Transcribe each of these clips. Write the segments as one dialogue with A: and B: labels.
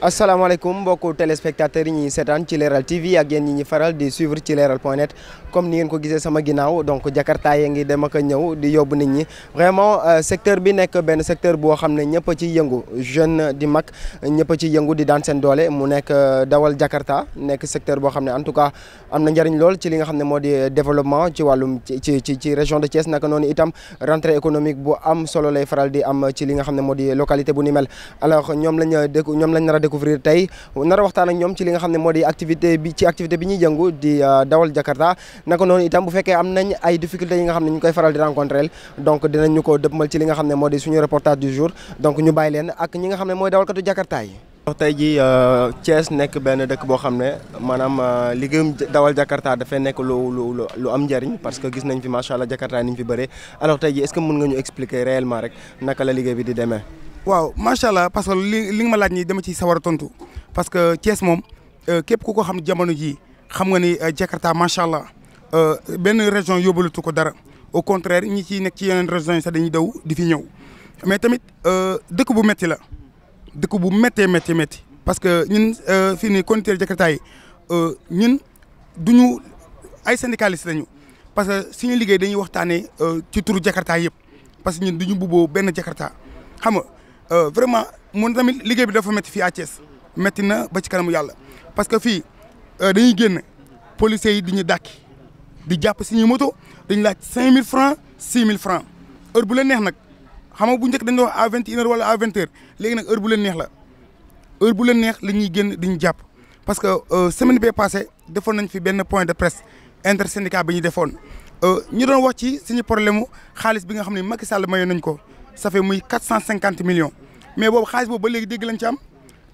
A: asalaamaaleykum mbokku téléspectateurs yi ñuy seetaan ci Leral TV ak yéen ñi ñi faral di suivre ci leeral point net comme ni ngeen ko gisee sama ginnaaw donc Jakarta yi ngi dem ak ñëw di yóbbu nit ñi vraiment euh, secteur bi nekk benn secteur boo xam ne ñëpp ci yëngu jeune di mag ñëpp ci yëngu di daan seen doole mu nekk euh, dawal Jakarta nekk secteur boo xam ne en tout cas am na njëriñ lool ci li nga xam ne moo di euh, développement ci wàllum ci ci ci région de Thiès naka noonu itam rentrée économique bu am solo lay faral di am ci li nga xam ne moo di localité bu ni mel alors ñoom lañ dëkk lañ nar découvrir tey nara waxtaan ak ñoom ci li nga xam ne moo di activité bi ci activité ñuy jëngu di euh, dawal Jakarta naka noonu itam bu fekkee am nañ ay difficultés yi nga xam ne ñu koy faral di rencontrer donc dinañ ñu ko dëppmal ci li nga xam ne moo di suñu reportage du ñu bàyyi leen ak ñi xam ne mooy dawalkatu Jakarta yi tey jii euh, Thiès nekk benn dëkk boo xam ne maanaam euh, liggéeyum dawal Jakarta dafay nekk lu lu lu am njëriñ parce que gis nañ fi macha allah Jakarta ni ñu fi bëree alors tey jii est-ce que mën nga ñu expliquer réellement rek naka la liggéey bi di waaw macha allah parce que li
B: li nga ma laaj nii dama ci sawar a tontu parce que Thiès moom euh, képp ku ko xam jamono jii xam nga ni euh, Jakarta macha allah euh, benn région yóbbalatu ko dara au contraire ñi ciy nekk ci yeneen régions yi sax dañuy daw di fi ñëw mais tamit dëkk bu métti la dëkk bu méttee métti métti parce que ñun fii nii conducteur Jakarta yi ñun duñu ay syndicaliste lañu parce que suñu liggéey dañuy waxtaane ci turu Jakarta yëpp parce que ñun duñu bubboo benn Jakarta xam nga. Euh, vraiment mun tamit liggéey bi dafa métti fi à Thiès métti na ba ci kanamu yàlla parce que fii euh, dañuy génn policiers yi di ñu dàkki di jàpp si ñuy moto dañu laaj cinq mille francs six mille francs heure bu leen neex nag xam nga bu njëkk dañu wax à vingt une wala à vingt heure léegi nag heure bu leen neex la heure bu leen neex la ñuy génn di ñu jàpp parce que euh, semaine bee passé defoon nañ fi benn point de presse intersyndicat bi ñu defoon ñu doon wax ci suñu problème mu xaalis bi nga xam ne Macky Sall mayoon nañ ko. sa fait muy quatre cent cinquante millions mais boobu xaalis boobu ba léegi dégg lañ ci am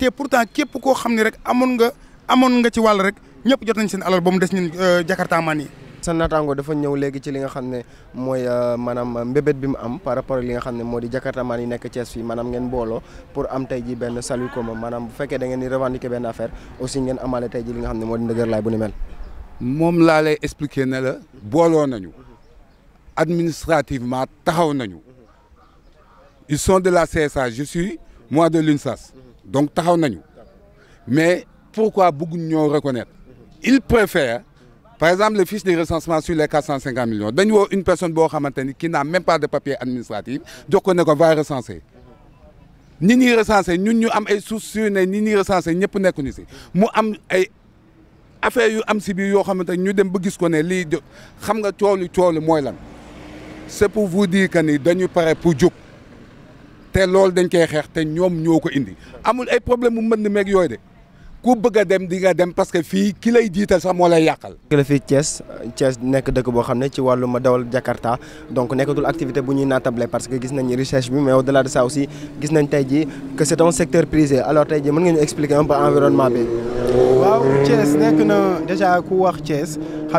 B: te pourtant képp koo xam ne rek amoon nga amoon nga ci wàll rek ñëpp jot nañ seen
A: alal ba mu des ñun euh, Jakarta man yi. sa naataango dafa ñëw léegi ci li nga xam ne mooy euh, maanaam mbébét bi mu am par rapport ak nga xam ne moo di jakartamaan yi nekk Thiès fii maanaam ngeen booloo pour am tey ji benn salut commun maanaam bu fekkee da ngeen di revendiquer benn affaire aussi ngeen amaale tey ji li nga xam ne moo di ndëgërlaay bu ni mel. moom laa lay expliquer ne la booloo nañu administrativement
B: taxaw nañu. il sont de la CSA je suis mois de l'UNSAS donc taxaw nañu mais pourquoi bëgguñ ñoo reconnaître ils préfèrent par exemple le fiche de recensement sur les quatre cent cinquante millions dañu woo une personne boo xamante ni qui n'a même pas de papier administratif jox ko ne ko va recenser ni ñuy recenser ñun ñu am ay sources sur ne nii ñuy recenser ñëpp nekkuñu si mu am ay affaire yu am si biir yoo xamante ni ñu dem ba gis ko ne lii xam nga coolu coolu mooy lan c'est pour vous dire que ni dañu pare pour jóg te loolu dañ koy xeex te ñoom ñoo ko indi
A: amul ay problème mu mën na meeg yooyu de
B: ku bëgg dem di dem parce que fii ki lay jiital sax moo
A: lay yàqal. la fii Thiès Thiès nekk dëkk boo xam ne ci wàllu ma dawal Jakarta donc activité bu ñuy naatable parce que gis nañ recherche bi mais au delà de ça aussi gis nañ tey jii que c'est un secteur prisé alors jii mën nga ñu expliquer un peu environnement bi. ku wax Thiès xam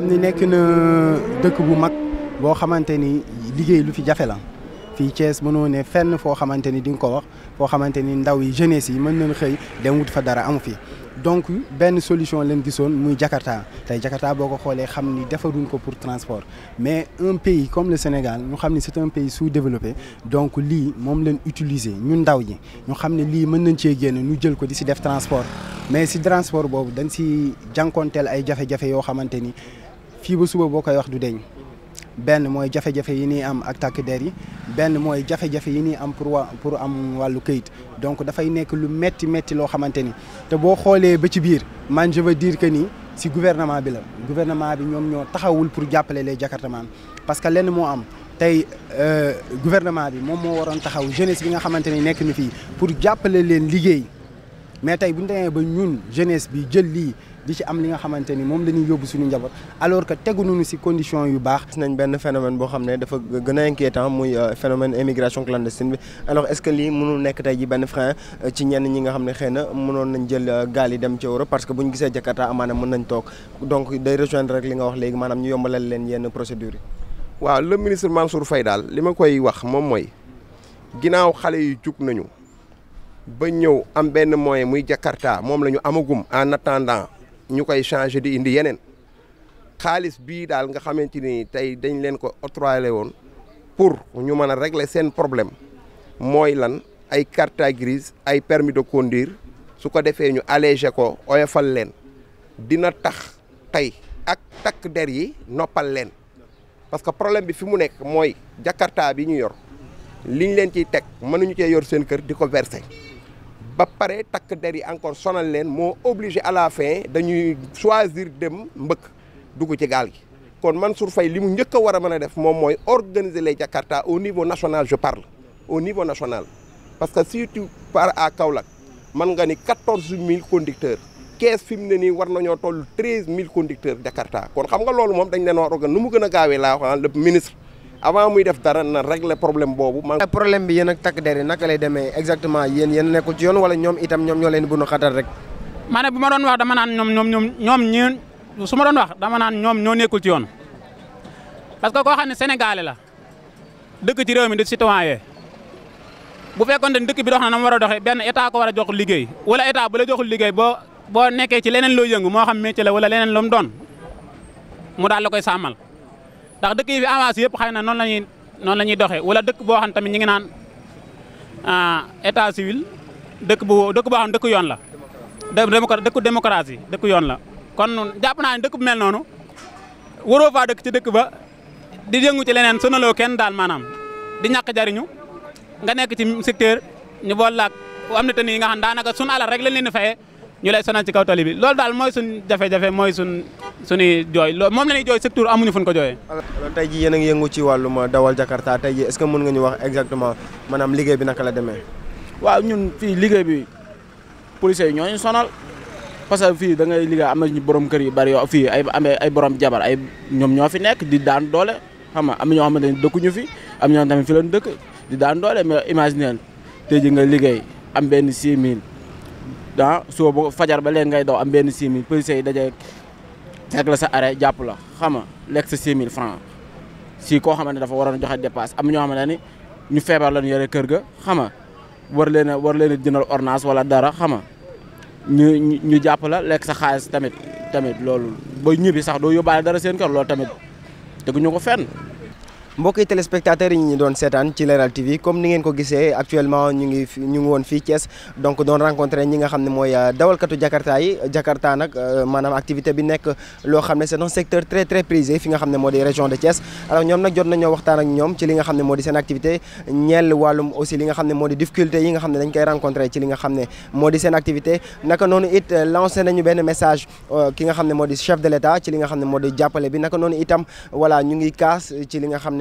A: ni nekk na dëkk bu mag boo xamante ni liggéey lu fi jafe la. fii Thiès mënoo ne fenn foo xamante ni di nga ko wax foo xamante ni ndaw yi jeunesse yi mën nañ xëy dem wut fa dara amu fi. donc benn solution leen gisoon muy Jakarta tey Jakarta boo ko xoolee xam ni defaruñ ko pour transport mais un pays comme le Sénégal ñu xam ni c'est un pays sous-développé donc lii moom leen utiliser ñu ndaw ñi ñu xam ne lii mën nañ cee génn ñu jël ko di si def transport mais si transport boobu dañ si jànkoonteel ay jafe-jafe yoo xamante ni fii ba suba boo koy wax du deñ benn mooy jafe-jafe yi ñuy am ak takk der yi benn mooy jafe-jafe yi ñuy am pour wa pour am wàllu kayit donc dafay nekk lu metti metti loo xamante ni te boo xoolee ba ci biir man je diir dire nii si gouvernement bi la gouvernement bi ñoom ñoo taxawul pour jàppale les jakartamaan parce que lenn moo am tey euh, gouvernement bi moom moo waroon taxaw jeunesse bi nga xamante ni nekk na fii pour jàppale leen liggéey mais tey bu ñu demee ba ñun jeunesse bi jël lii di ci am li nga xamante ni moom la ñuy yóbbu suñu njaboot alors que teguñu si condition yu baax. gis nañ benn phénomène boo xam ne dafa gën a inquiétant muy euh, phénomène immigration clandestine bi alors est-ce lii mënul nekk tey ji benn frein euh, ci ñenn ñi nga xam ne xëy na mënoon nañ jël euh, gaal yi dem ci Europe parce que bu ñu gisee Jakarta amaana mën nañ toog donc
C: day rejoindre rek li nga wax léegi maanaam ñu yombalal leen yenn procédures yi. waaw le ministre Mansour Faye daal li koy wax moom mooy ginnaaw xale yu jug nañu. ba ñëw am benn moyen muy Jakarta moom la ñu amagum en attendant ñu koy changé di indi yeneen xaalis bii daal nga xamante ni tey dañ leen ko octroyé woon pour ñu mën a regle seen problème mooy lan ay carte grise ay permis de conduire su ko defee ñu allégé ko oyofal leen dina tax tey ak takk der yi noppal leen parce que problème bi fi mu nekk mooy Jakarta bi ñu yor liñ leen ciy teg mënuñu cee yor seen kër di ko verser ba pare takk der encore sonal leen moo obligé à la fin dañuy choisir dem mbëkk dugg ci gaal gi kon Mansour Faye li mu njëkk war a mën a def moom mooy organiser les Jakarta au niveau national je parle au niveau national parce que si tu pars à Kaolack mën nga ni quatorze mille conducteurs kees fi mu ne nii war nañoo toll treize mille conducteurs Jakarta kon xam nga loolu moom dañ leen war organ nu mu gën a gaawee laa wax ah, le ministre avant muy def dara na régler problème boobu. man problème bi yéen ak takk der naka lay deme exactement
A: yéen yéen nekkul ci yoon wala ñoom itam ñoom ñoo leen bunu xatal rek.
D: ma ne bu ma doon wax dama naan ñoom ñoom ñoom ñoom su ma doon wax dama naan ñoom ñoo nekkul ci yoon parce que koo xam ne sénégalais la dëkk ci réew mi di citoyen yee bu fekkoon ne dëkk bi dox na na mu war a doxee benn état ko war a jox liggéey wala état bu la joxul liggéey boo boo nekkee ci leneen loo yëngu moo xam métier la wala leneen lu doon mu daal la koy sàmmal. ndax dëkk yi fi avancé yëpp xëy na noon la ñuy noonu la ñuy doxee wala dëkk boo xam tamit ñu ngi naan ah, état civil dëkk bu dëkk boo xam dëkk yoon la. dëkk démocratie dëkk yoon la kon jàpp naa ne dëkk bu mel noonu waroo faa dëkk ci dëkk ba di yëngu ci leneen loo kenn daal maanaam di ñàkk jariñu nga nekk ci secteur ñu bool laak am na te ni nga xam daanaka sunu alal rek lañ leen di fayee ñu lay sonal ci kaw tali bi loolu daal mooy suñ jafe-jafe mooy suñ suñuy jooy loolu moom la ñuy jooy surtout amuñu fuñ ko jooyee.
A: alors tey jii a ngi yëngu ci wàllum dawal Jakarta
D: tey ji est-ce que mën nga ñu wax exactement maanaam liggéey bi naka la demee. waaw ñun fii liggéey bi policiers yi ñooñu sonal parce que fii da ngay liggéey am ñu borom kër yu bari yoo fii ay amee ay borom jabar ay ñoom ñoo fi nekk di daan doole xam nga am na ñoo xamante ne dëkkuñu fi am ñoo tamit fi leen dëkk di daan doole mais imaginer tey nga liggéey am benn 6000 ah suba ba fajar ba léegi gay doo am benn six mille policiers yi daje fekk la sa arrêt jàpp la xam nga lekk sa six mille franc si koo xamante dafa waroon joxe dépasse am ñoo xamante ne ñu feebar lañu yore kër ga xam nga war leen a war leen a jëndal ordonnance wala dara xam nga ñu ñu jàpp la lekk sa xaalis tamit tamit loolu ba ñibbi sax doo yóbbaale dara seen kër loolu tamit teguñu ko fenn. mbokki téléspectateurs yi
A: ñu doon seetaan ci Leral TV comme ni ngeen ko gisee actuellement ñu ngi ñu ngi woon fii Thiès donc doon rencontré ñi nga xam ne mooy dawalkatu Jakarta yi Jakarta nag maanaam activité bi nekk loo xam ne c'est un secteur très très prisé fi nga xam ne moo di région de Thiès alors ñoom nag jot nañoo waxtaan ak xam ne moo di seen activité ñeel wàllum aussi li nga xam ne moo di difficulté yi nga xam ne dañ koy rencontré ci li nga xam ne moo di seen activité naka noonu it lancé nañu benn message ki nga xam ne moo di chef de l'État ci li nga xam ne moo di jàppale bi naka noonu itam voilà ñu ngi kaas ci li nga xam